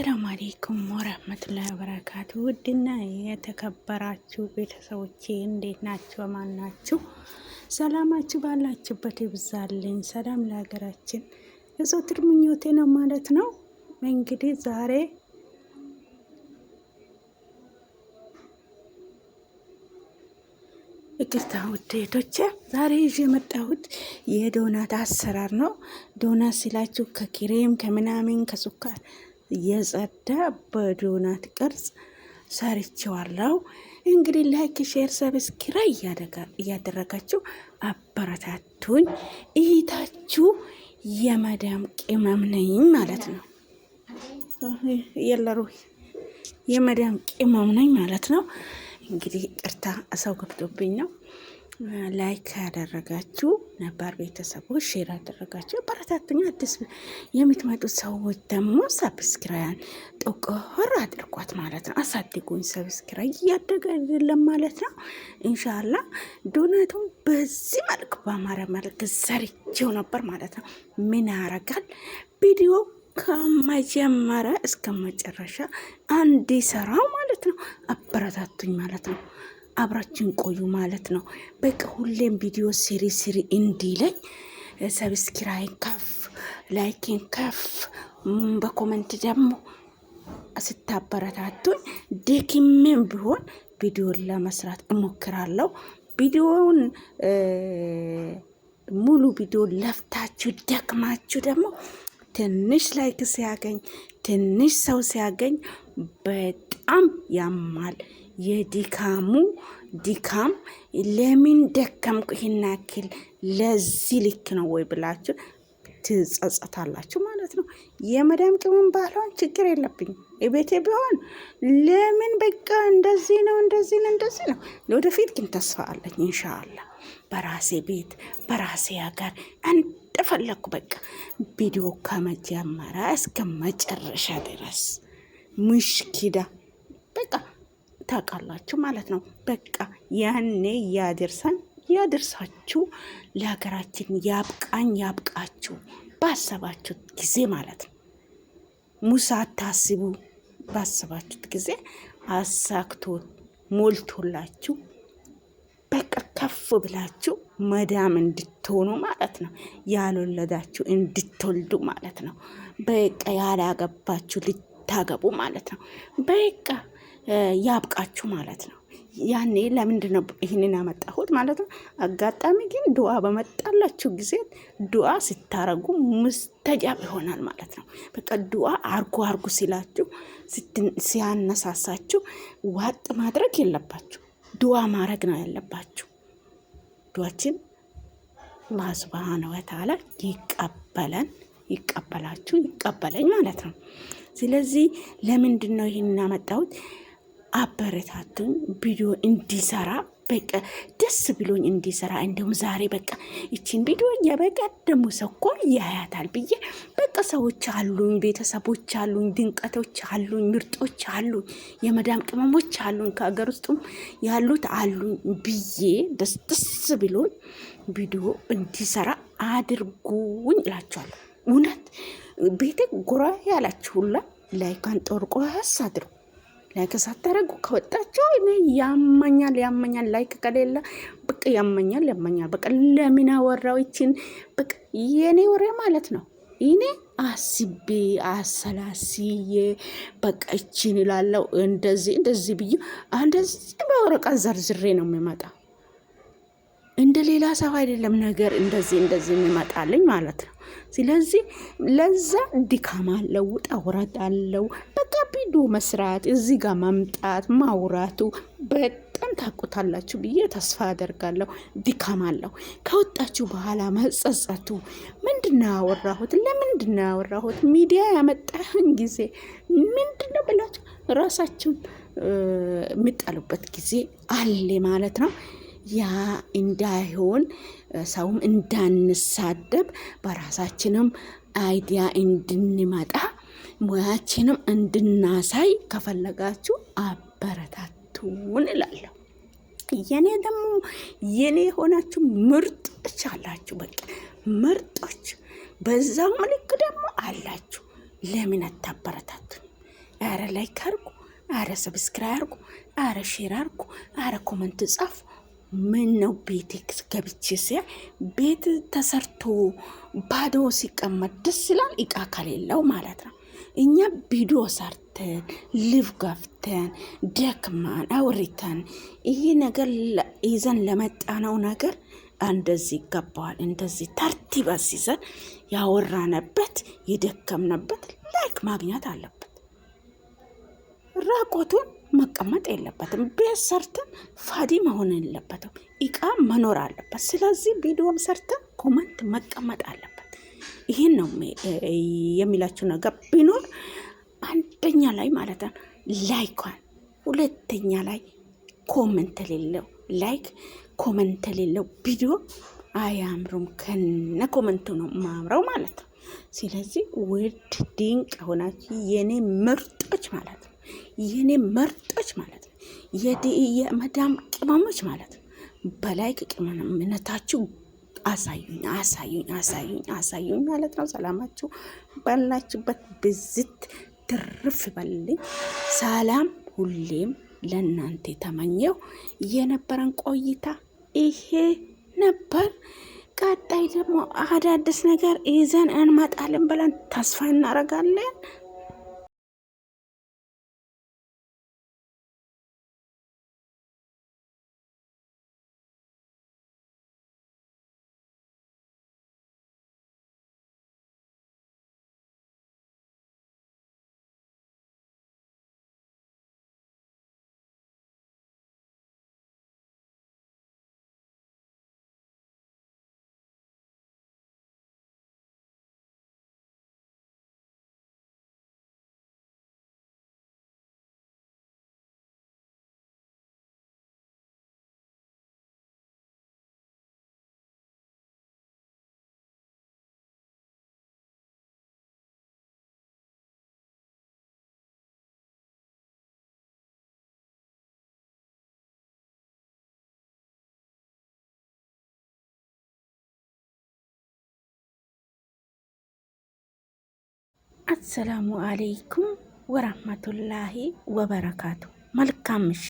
አሰላሙ አሌይኩም ወረህመቱላሂ ወበረካቱ። ውድና የተከበራችሁ ቤተሰቦቼ እንዴት ናችሁ? አማን ናችሁ? ሰላማችሁ ባላችሁበት ይብዛልኝ። ሰላም ለሀገራችን የዘወትር ምኞቴ ነው ማለት ነው። እንግዲህ ዛሬ ይቅርታ ውዴቶቼ፣ ዛሬ ይዤ የመጣሁት የዶናት አሰራር ነው። ዶናት ስላችሁ ከክሬም ከምናምን ከሱካር የጸዳ በዶናት ቅርጽ ሰርቼዋለሁ። እንግዲህ ላይክ፣ ሼር፣ ሰብስክራይብ እያደረጋችሁ አበረታቱኝ። እይታችሁ የመዳም ቅመም ነኝ ማለት ነው። የለሩ የመዳም ቅመም ነኝ ማለት ነው። እንግዲህ ቅርታ ሰው ገብቶብኝ ነው። ላይክ ያደረጋችሁ ነባር ቤተሰቦች ሼር ያደረጋችሁ በረታተኛ አዲስ የምትመጡት ሰዎች ደግሞ ሰብስክራያን ጠቆር አድርጓት ማለት ነው። አሳድጉኝ። ሰብስክራ እያደገ አይደለም ማለት ነው። እንሻላ ዶናቱ በዚህ መልክ በአማረ መልክ ዘርቼው ነበር ማለት ነው። ምን ያረጋል ቪዲዮ ከመጀመሪያ እስከ መጨረሻ ሰራው ማለት ነው። አበረታቱኝ ማለት ነው። አብራችን ቆዩ ማለት ነው። በቃ ሁሌም ቪዲዮ ስሪ ስሪ እንዲለኝ ሰብስክራይን ከፍ፣ ላይክን ከፍ፣ በኮመንት ደግሞ ስታበረታቱኝ ደክሜም ቢሆን ቪዲዮን ለመስራት እሞክራለሁ። ቪዲዮውን ሙሉ ቪዲዮ ለፍታችሁ ደክማችሁ ደግሞ ትንሽ ላይክ ሲያገኝ ትንሽ ሰው ሲያገኝ በጣም ያማል። የድካሙ ድካም ለምን ደከምኩ ይህን ያክል ለዚህ ልክ ነው ወይ ብላችሁ ትጸጸታላችሁ ማለት ነው። የመዳም ቅመም ባልሆን ችግር የለብኝም። የቤቴ ቢሆን ለምን በቃ እንደዚህ ነው እንደዚህ ነው እንደዚህ ነው። ለወደፊት ግን ተስፋ አለኝ ኢንሻአላ በራሴ ቤት በራሴ ሀገር እንደፈለግኩ በቃ ቪዲዮ ከመጀመሪያ እስከ መጨረሻ ድረስ ምሽኪዳ በቃ ታውቃላችሁ ማለት ነው። በቃ ያኔ ያደርሰን ያደርሳችሁ ለሀገራችን ያብቃኝ ያብቃችሁ ባሰባችሁት ጊዜ ማለት ነው። ሙሳ አታስቡ። ባሰባችሁት ጊዜ አሳክቶ ሞልቶላችሁ በቃ ከፍ ብላችሁ መዳም እንድትሆኑ ማለት ነው። ያልወለዳችሁ እንድትወልዱ ማለት ነው። በቃ ያላገባችሁ ልታገቡ ማለት ነው። በቃ ያብቃችሁ ማለት ነው። ያኔ ለምንድን ነው ይህንን ያመጣሁት ማለት ነው። አጋጣሚ ግን ዱዓ በመጣላችሁ ጊዜ ዱዓ ስታረጉ ሙስተጃብ ይሆናል ማለት ነው። በቃ ዱዓ አርጉ አርጉ ሲላችሁ ሲያነሳሳችሁ ዋጥ ማድረግ የለባችሁ፣ ዱዓ ማድረግ ነው ያለባችሁ። ዱዓችን አላህ ሱብሃነሁ ወተዓላ ይቀበለን፣ ይቀበላችሁ፣ ይቀበለኝ ማለት ነው። ስለዚህ ለምንድን ነው ይህንን ያመጣሁት? አበረታቱኝ ቪዲዮ እንዲሰራ በቃ ደስ ብሎኝ እንዲሰራ። እንደውም ዛሬ በቃ ይችን ቪዲዮ የበቃ ደግሞ ሰኮን ያያታል ብዬ በቃ ሰዎች አሉኝ፣ ቤተሰቦች አሉኝ፣ ድንቀቶች አሉኝ፣ ምርጦች አሉኝ፣ የመዳም ቅመሞች አሉኝ፣ ከሀገር ውስጡም ያሉት አሉኝ ብዬ ደስ ደስ ብሎኝ ቪዲዮ እንዲሰራ አድርጉኝ እላችኋለሁ። እውነት ቤቴ ጎራ ያላችሁ ሁላ ላይካን ጦርቆ ያስ አድርጉ ላይክ ሳታደርጉ ከወጣችሁ እኔ ያመኛል ያመኛል። ላይክ ከሌለ በቃ ያመኛል ያመኛል። በቃ ለምን አወራው ይችን በቃ የኔ ወሬ ማለት ነው። እኔ አስቤ አሰላስዬ በቃ ይችን ይላለው እንደዚህ እንደዚህ ብዬ እንደዚህ በወረቀት ዘርዝሬ ነው የሚመጣ እንደ ሌላ ሰው አይደለም ነገር እንደዚህ እንደዚህ የሚመጣልኝ ማለት ነው። ስለዚህ ለዛ ድካም አለው፣ ውጣ ውረድ አለው። ሄዶ መስራት እዚህ ጋር መምጣት ማውራቱ በጣም ታቁታላችሁ ብዬ ተስፋ አደርጋለሁ። ድካም ከወጣችሁ በኋላ መጸጸቱ ምንድነው ያወራሁት? ለምንድነው ያወራሁት? ሚዲያ ያመጣህን ጊዜ ምንድነው ብላችሁ ራሳችሁን የምጠሉበት ጊዜ አለ ማለት ነው። ያ እንዳይሆን ሰውም እንዳንሳደብ በራሳችንም አይዲያ እንድንመጣ ሙያችንም እንድናሳይ ከፈለጋችሁ አበረታቱን እላለሁ። የኔ ደግሞ የኔ የሆናችሁ ምርጦች አላችሁ። በቃ ምርጦች በዛው ምልክ ደግሞ አላችሁ። ለምን አታበረታቱን? አረ ላይክ አርጉ፣ አረ ሰብስክራይ አርጉ፣ አረ ሼር አርጉ፣ አረ ኮመንት ጻፉ። ምን ነው ቤቴ ገብቼ ሲያ ቤት ተሰርቶ ባዶ ሲቀመጥ ደስ ይላል፣ እቃ ከሌለው ማለት ነው። እኛ ቪዲዮ ሰርተን ልብ ገፍተን ደክማን አውርተን ይህ ነገር ይዘን ለመጣነው ነገር እንደዚህ ይገባዋል፣ እንደዚህ ተርቲብ አስይዘን ያወራነበት የደከምነበት ላይክ ማግኘት አለበት። ራቆቱን መቀመጥ የለበትም። ቤት ሰርተን ፋዲ መሆን የለበትም። እቃ መኖር አለበት። ስለዚህ ቪዲዮም ሰርተን ኮመንት መቀመጥ አለበት። ይህን ነው የሚላችሁ ነገር ቢኖር አንደኛ ላይ ማለት ነው ላይኳን፣ ሁለተኛ ላይ ኮመንት ሌለው ላይክ፣ ኮመንት ሌለው ቪዲዮ አያምሩም። ከነ ኮመንቱ ነው ማምረው ማለት ነው። ስለዚህ ውድ ድንቅ ሆናችሁ የኔ ምርጦች ማለት ነው የኔ ምርጦች ማለት ነው የመዳም ቅመሞች ማለት ነው በላይክ ቅመምነታችሁ አሳዩኝ አሳዩኝ አሳዩኝ አሳዩኝ ማለት ነው። ሰላማችሁ ባላችሁበት ብዝት ትርፍ ይበልልኝ። ሰላም ሁሌም ለእናንተ የተመኘው የነበረን ቆይታ ይሄ ነበር። ቀጣይ ደግሞ አዳዲስ ነገር ይዘን እንመጣለን ብለን ተስፋ እናደርጋለን። አሰላሙ አለይኩም ወራህመቱላሂ ወበረካቱ። መልካም ምሽት።